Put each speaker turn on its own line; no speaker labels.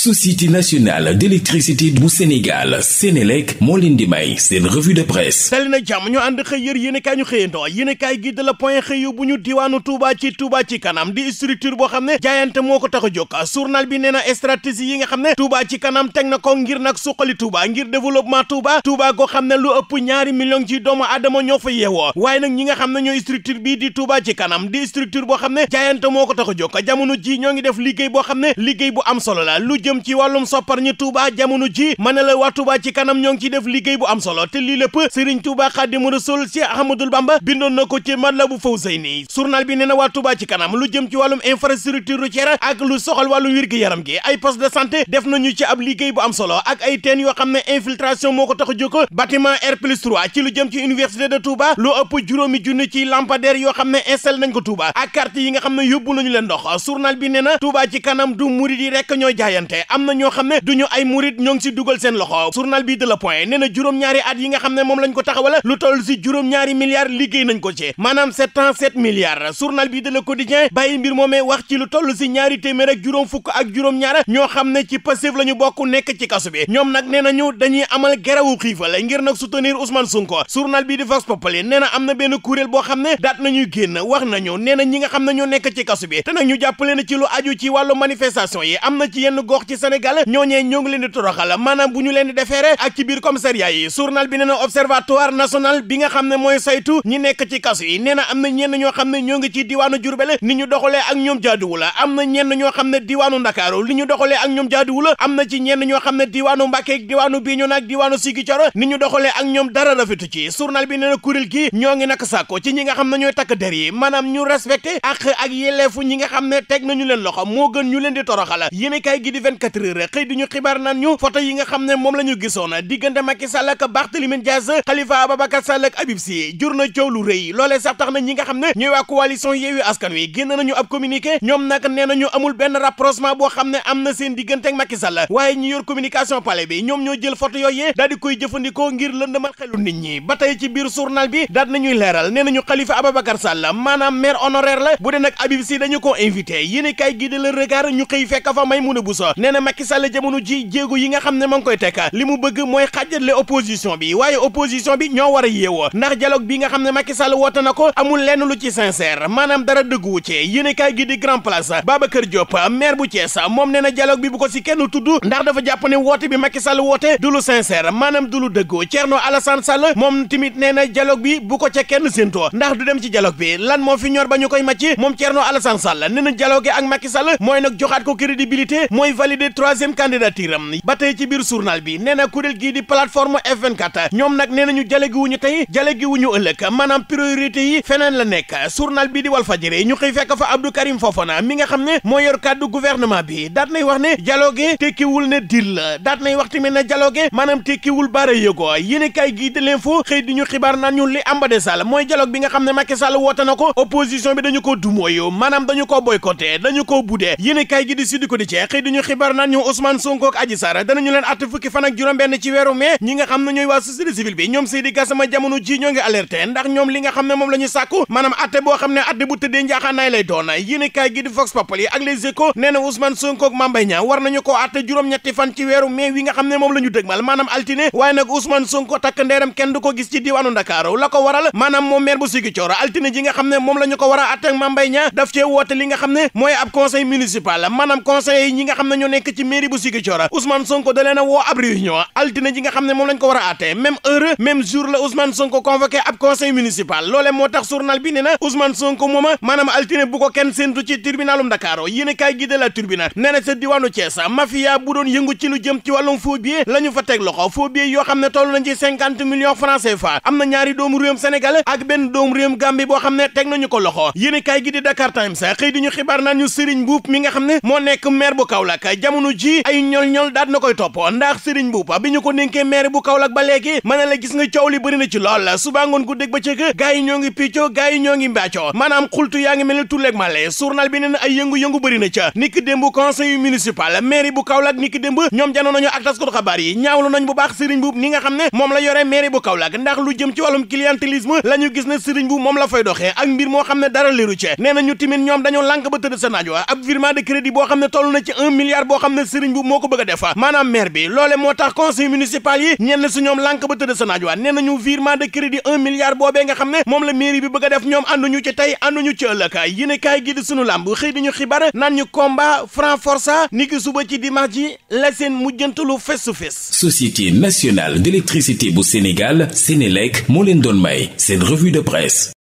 société nationale d'électricité bu Sénégal Sénélec moo leen di may seen revue de presse dali na jàmm ñu ànd xëy yër yéen i kaay ñu xëyandoo yéen i point xëy bu ñu diwaanu Touba ci Touba ci kanam di structure boo xam ne jaayante moo ko tax a jóg journal bi nee na stratégie yi nga xam ne Touba ci kanam teg na ko ngir nag suqali Touba ngir développement Touba Touba koo xam ne lu ëpp ñaari million ci doomu aadama ñoo fa yeewoo waaye nag ñi nga xam ne ñooy structure bii di Touba ci kanam di structure boo xam ne jaayante moo ko tax a jóg jamono ji ñoo ngi def liggéey boo xam ne liggéey bu am solo jëm ci wàllum soppar ñu Touba jamono ji mën na la waa Touba ci kanam ñoo ngi def liggéey bu am solo te lii lépp Serigne Touba Xaadimu Rasuul ci Ahmadul Bamba bindoon na ko ci Matlabu Fawzayni journal bi nee na waa Touba ci kanam lu jëm ci wàllum infrastructure routière ak lu soxal wàllum wér-gu-yaram gi ay poste de santé def nañu ci ab liggéey bu am solo ak ay teen yoo xam ne infiltration moo ko tax a jóg bâtiment R plus 3 ci lu jëm ci université de Touba lu ëpp juróomi junni ci lampadaire yoo xam ne installé nañ ko Touba ak carte yi nga xam ne yóbbu bi nee na Touba ci kanam du loolee am na ñoo xam ne du ñu ay murit ñoo ngi si dugal seen loxo journal bi de la point nee na juróom-ñaari at yi nga xam ne moom lañ ko taxawal lu toll si juróom-ñaari milliards liggéey nañ ko ci maanaam sept ans sept milliards journal bi de la quotidien bàyyi mbir moomee wax ci lu toll si ñaari téeméer ak juróom fukk ak juróom-ñaar ñoo xam ne ci Pastef la ñu bokk nekk ci kasu bi ñoom nag nee nañu dañuy amal gerawu xiifal ngir nag soutenir Ousmane Sonko journal bi di Vox Populi nee na am na benn kuréel boo xam ne daat nañuy génn wax nañu nee na ñi nga xam ne ñoo nekk ci kasu bi te nag ñu jàppale na ci lu aju ci wàllu manifestation yi am na ci yenn gox ci Sénégal ñooñee ñoo ngi leen di toroxal maanaam bu ñu leen di defeere ak ci biir commissariat yi journal bi nee na observatoire bi nga xam ne mooy saytu ñi nekk ci kaso yi nee na am na ñenn ñoo xam ne ñoo ngi ci diwaanu Jurbel ni ñu doxalee ak ñoom jaaduwu la am na ñoo xam ne diwaanu Ndakaaru li ñu doxalee ak ñoom jaaduwu la am na ci ñenn ñoo xam ne diwaanu Mbàkke ak diwaanu Biñona ak diwaanu Ziguinchor ni ñu doxalee ak ñoom dara rafetu ci journal bi nee na kuréel gi ñoo ngi nag sàkko ci ñi nga xam ne ñooy takk der yi maanaam ñu respecté ak ak yelleefu ñi xam ne teg nañu leen loxo moo gën ñu leen di toroxal yéen kay 24 heures xëy di ñu xibaar naan ñu photo yi nga xam ne moom la ñu gisoon diggante Macky Sall ak Barthélémy Dias Khalifa Ababacar Sall ak Habib Sy jur na coow lu rëy loolee sax tax na ñi nga xam ne ñooy waa coalition Yewwi Askan Wi génn nañu ab communiqué ñoom nag nee nañu amul benn rapprochement boo xam ne am na seen diggante ak Macky waaye ñi yor communication palais bi ñoom ñoo jël photo yooyee daal di koy jëfandikoo ngir lëndëmal xelu nit ñi ba tey ci biir journal bi daal nañuy leeral nee nañu Khalifa Ababacar Sall maanaam maire honoraire la bu dee nag Habib Sy ko invité yéen kay gi de le regard ñu xëy fekk fa Maimouna Bousso nee na Macky Sall jamono ji jéego yi nga xam ne ma ngi koy tekk li mu bëgg mooy xàjjatle opposition bi waaye opposition bi ñoo war a yeewoo ndax dialogue bi nga xam ne Macky Sall woote na ko amul lenn lu ci sincère maanaam dara dëgguwu ci yéenekaay gi di Grand Place Babacar Diop maire bu Thiès moom nee na dialogue bi bu ko si kenn tudd ndax dafa jàpp ne woote bi Macky Sall woote du lu sincère maanaam du lu dëggu Thierno Alassane Sall moom tamit nee na dialogue bi bu ko ca kenn séentoo ndax du dem ci dialogue bi lan moo fi ñor ba ñu koy màcc moom Thierno Alassane Sall nee na dialogue ak Macky Sall mooy nag joxaat ko crédibilité validé troisième candidature am ba tey ci biir journal bi nee na kuréel gii di plateforme F24 ñoom nag nee nañu jale gi wuñu tey jale gi wuñu ëllëg yi feneen la nekk journal bi di wal Walfadjri ñu xëy fekk fa Abdou Karim mi nga xam ne moo yor kàddu gouvernement bi daat nay wax ne dialogue tekkiwul ne deal la daat nay wax tamit ne dialogue maanaam tekkiwul baara yëgoo yéen kay gii di l'info xëy di ñu xibaar naan ñu li ambade sall mooy dialogue bi nga xam ne Macky Sall woote na ko opposition bi dañu ko dumooyu maanaam dañu ko boycotté dañu ko budee yéen kay nan naan ñu Ousmane Sonko ak Adji Sarr danañu leen àtte fukki fan juróom-benn ci weeru mai ñi nga xam ne ñooy waa société civile bi ñoom Seydi Gassama jamono ji ñoo ngi alerté ndax ñoom li nga xam ne moom la ñu sàkku maanaam àtte boo xam ne àtte bu tëddee njaaxaanaay lay doon yéenekaay gi di Vox Populi ak Les Échos nee na Ousmane Sonko ak Mame Mbaye Niang war nañu koo àtte juróom-ñetti fan ci weeru mai wi nga xam ne moom la ñu dëgmal maanaam altine waaye nag Ousmane Sonko takk kenn du ko gis ci diwaanu Ndakaaru la ko waral maanaam moom maire bu Ziguinchor altine ji nga xam ne moom la ñu ko war a xam ne mooy ab conseil municipal maanaam conseil yi nga xam ne nekk ci mairie bu Ziguinchor Ousmane Sonko da woo ab réunion altine ji nga ne moom lañ ko war a àtte même heure la Ousmane Sonko convoqué ab conseil municipal loole moo tax journal bi na Ousmane Sonko mooma maanaam altine bu ko kenn séentu ci tribunalum Dakar yéen kaay gi de la tribune nee na sa diwaanu Thiès mafia bu doon yëngu ci lu jëm ci wàllum faux billets la ñu fa teg loxo faux billets yoo xam ne toll nañ ci cinquante millions francs CFA am na ñaari doomu réewum Sénégal ak mi nga xam ne moo nekk maire bu Kaolack jamono ji ay ñol-ñol daat na koy topp ndax Serigne Mboup bi ñu ko dénkee maire bu Kaolack ba léegi mën na la gis nga coow li bëri na ci lool suba ngoon gu dég ba cëkk gars yi ñoo ngi picco gars yi ñoo ngi mbaacoo maanaam xultu yaa ngi mel ni tulleeg male journal bi nee na ay yëngu-yëngu bëri na ca niki démb conseil municipal maire bu Kaolack niki démb ñoom janoon nañu ak taskatu xabaar yi ñaawlu nañ bu baax Serigne Mboup ni nga xam ne moom la yore maire bu Kaolack ndax lu jëm ci wàllum clientélisme la ñu gis ne moom la fay doxee ak moo xam ne dara leeru ci nee na ñu timin ñoom dañoo lànk ba tëdd xam ne toll na ci boo xam ne sëriñ bu moo ko bëgg a def maanaam maire bi loole moo tax conseil municipal yi ñenn su ñoom lànk ba tëdd sa naaj waa nee nañu virement de crédit un milliard boobee nga xam ne moom la mairie bi bëgg a def ñoom ànduñu ci tey ànduñu ci ëllëg yéen kaay gi di sunu làmb xëy di ñu xibaar naan ñu combat franc força ni ki suba ci dimanche ji la seen mujjantalu face to face société nationale d'électricité bu Sénégal Sénélec moo leen doon may seen revue de presse